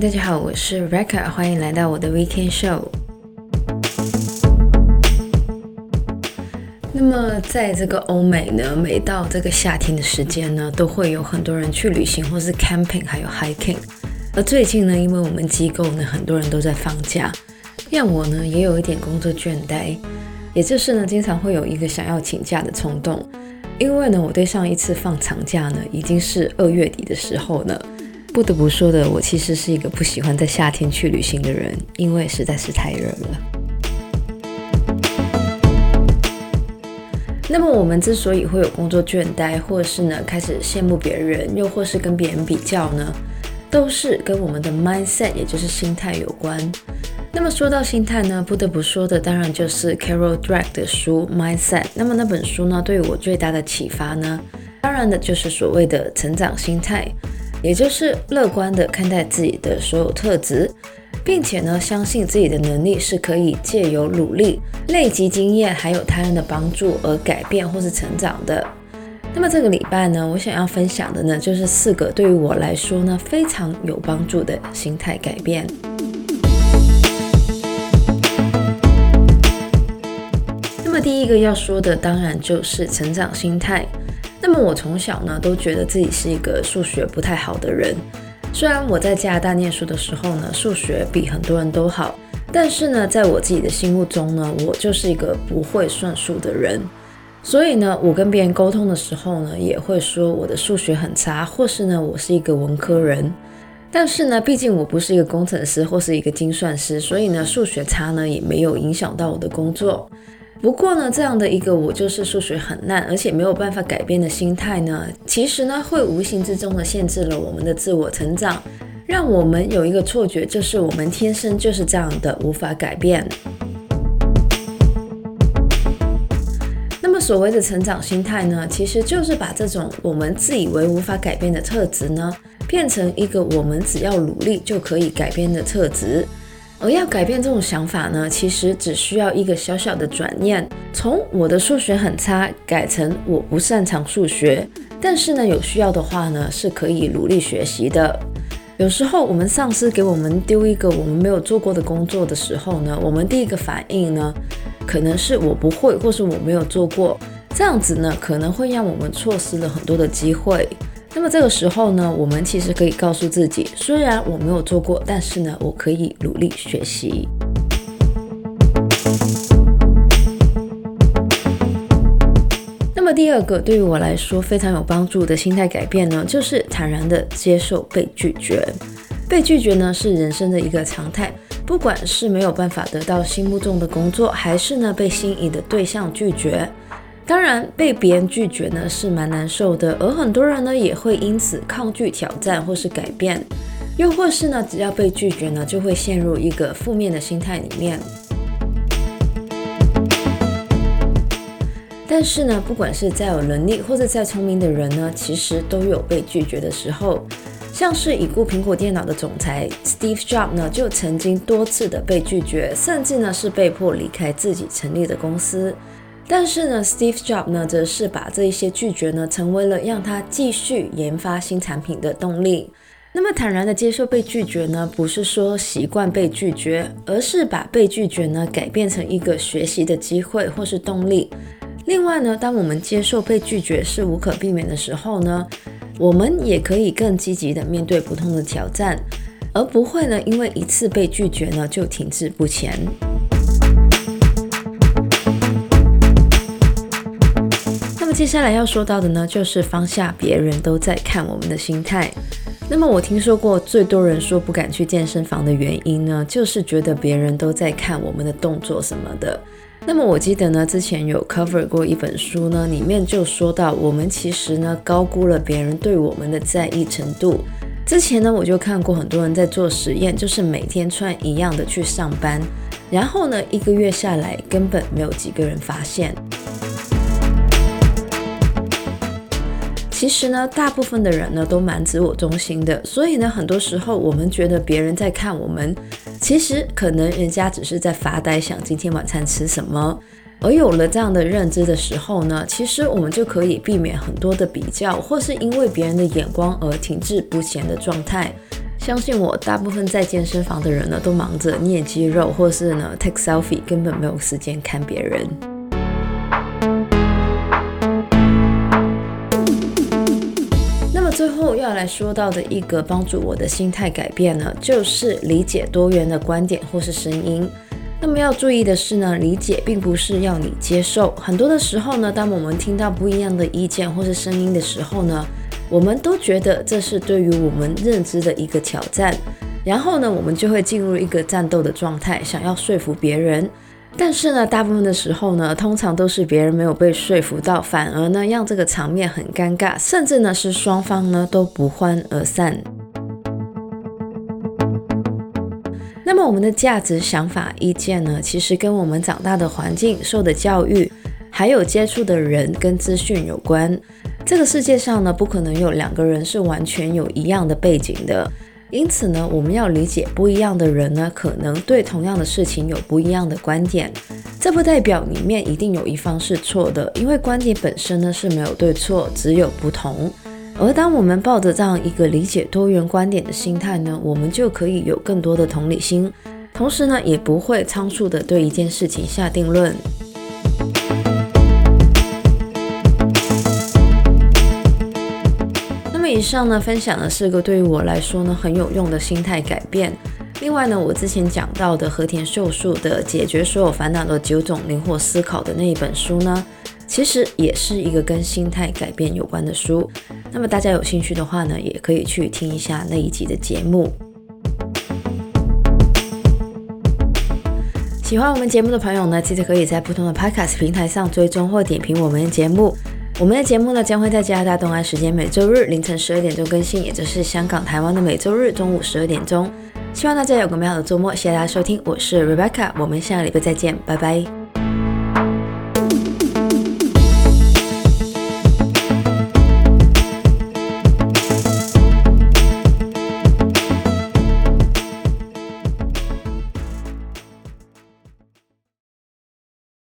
大家好，我是 Rebecca 歡迎來到我的 Weekend Show。那麼在這個歐美呢，每到這個夏天的時間呢，都會有很多人去旅行或是 camping，還有 hiking。而最近呢，因為我們機構呢，很多人都在放假，讓我呢也有一點工作倦怠，也就是呢，經常會有一個想要請假的衝動。因為呢，我對上一次放長假呢，已經是二月底的時候呢。不得不說的，我其實是一個不喜歡在夏天去旅行的人，因為實在是太熱了。那麼我們之所以會有工作倦怠，或是呢開始羨慕別人，又或是跟別人比較呢，都是跟我們的 mindset，也就是心態有關。那麼說到心態呢，不得不說的當然就是 Carol Dweck 的書《Mindset》。那麼那本書呢，對我最大的啟發呢，當然的就是所謂的成長心態。也就是樂觀的看待自己的所有特質，並且呢，相信自己的能力是可以借由努力、累積經驗，還有他人的幫助而改變或是成長的。那麼這個禮拜呢，我想要分享的呢，就是四個對於我來說呢，非常有幫助的心態改變。那麼第一個要說的，當然就是成長心態。那麼我從小呢都覺得自己是一個數學不太好的人，雖然我在加拿大念書的時候呢，數學比很多人都好，但是呢，在我自己的心目中呢，我就是一個不會算數的人，所以呢，我跟別人溝通的時候呢，也會說我的數學很差，或是呢，我是一個文科人，但是呢，畢竟我不是一個工程師或是一個精算師，所以呢，數學差呢，也沒有影響到我的工作。不過呢，這樣的一個我就是數學很爛，而且沒有辦法改變的心態呢，其實呢，會無形之中的限制了我們的自我成長，讓我們有一個錯覺，就是我們天生就是這樣的，無法改變。那麼所謂的成長心態呢，其實就是把這種我們自以為無法改變的特質呢，變成一個我們只要努力就可以改變的特質。而要改變這種想法呢，其實只需要一個小小的轉念，從我的數學很差改成我不擅長數學，但是呢，有需要的話呢，是可以努力學習的。有時候我們上司給我們丟一個我們沒有做過的工作的時候呢，我們第一個反應呢，可能是我不會，或是我沒有做過，這樣子呢，可能會讓我們錯失了很多的機會。那麼這個時候呢，我們其實可以告訴自己，雖然我沒有做過，但是呢，我可以努力學習。那麼第二個對於我來說非常有幫助的心態改變呢，就是坦然的接受被拒絕。被拒絕呢是人生的一個常態，不管是沒有辦法得到心目中的工作，還是呢被心儀的對象拒絕。當然，被別人拒絕呢是蠻難受的，而很多人呢也會因此抗拒挑戰或是改變，又或是呢，只要被拒絕呢，就會陷入一個負面的心態裡面。但是呢，不管是再有能力或者再聰明的人呢，其實都有被拒絕的時候。像是已故蘋果電腦的總裁 Steve Jobs 呢，就曾經多次的被拒絕，甚至呢是被迫離開自己成立的公司。但是呢，Steve Jobs 呢，則是把這一些拒絕呢，成為了讓他繼續研發新產品的動力。那麼坦然的接受被拒絕呢，不是說習慣被拒絕，而是把被拒絕呢，改變成一個學習的機會或是動力。另外呢，當我們接受被拒絕是無可避免的時候呢，我們也可以更積極的面對不同的挑戰，而不會呢，因為一次被拒絕呢，就停滯不前。接下來要說到的呢，就是放下別人都在看我們的心態。那麼我聽說過最多人說不敢去健身房的原因呢，就是覺得別人都在看我們的動作什麼的。那麼我記得呢，之前有 cover 過一本書呢，裡面就說到我們其實呢，高估了別人對我們的在意程度。之前呢，我就看過很多人在做實驗，就是每天穿一樣的去上班，然後呢，一個月下來根本沒有幾個人發現。其實呢，大部分的人呢都蠻自我中心的，所以呢，很多時候我們覺得別人在看我們，其實可能人家只是在發呆，想今天晚餐吃什麼。而有了這樣的認知的時候呢，其實我們就可以避免很多的比較，或是因為別人的眼光而停滯不前的狀態。相信我，大部分在健身房的人呢，都忙着練肌肉，或是呢 take selfie，根本沒有時間看別人。最後要來說到的一個幫助我的心態改變呢，就是理解多元的觀點或是聲音。那麼要注意的是呢，理解並不是要你接受。很多的時候呢，當我們聽到不一樣的意見或是聲音的時候呢，我們都覺得這是對於我們認知的一個挑戰，然後呢，我們就會進入一個戰鬥的狀態，想要說服別人。但是呢，大部分的時候呢，通常都是別人沒有被說服到，反而呢，讓這個場面很尷尬，甚至呢是雙方呢都不歡而散。 那麼我們的價值、想法、意見呢，其實跟我們長大的環境、受的教育，還有接觸的人跟資訊有關。這個世界上呢，不可能有兩個人是完全有一樣的背景的。因此呢，我們要理解不一樣的人呢，可能對同樣的事情有不一樣的觀點，這不代表裡面一定有一方是錯的，因為觀點本身呢是沒有對錯，只有不同。而當我們抱着這樣一個理解多元觀點的心態呢，我們就可以有更多的同理心，同時呢，也不會倉促的對一件事情下定論。以上呢，分享的四個對於我來說呢很有用的心態改變。另外呢，我之前講到的和田秀樹的解決所有煩惱的九種靈活思考的那一本書呢，其實也是一個跟心態改變有關的書。那麼大家有興趣的話呢，也可以去聽一下那一集的節目。喜歡我們節目的朋友呢，記得可以在不同的 Podcast 平台上追蹤或點評我們的節目。我們的節目呢，將會在加拿大東岸時間每周日凌晨十二點鐘更新，也就是香港、台灣的每周日中午十二點鐘。希望大家有個美好的周末，謝謝大家收聽，我是 Rebecca，我們下個禮拜再見，拜拜。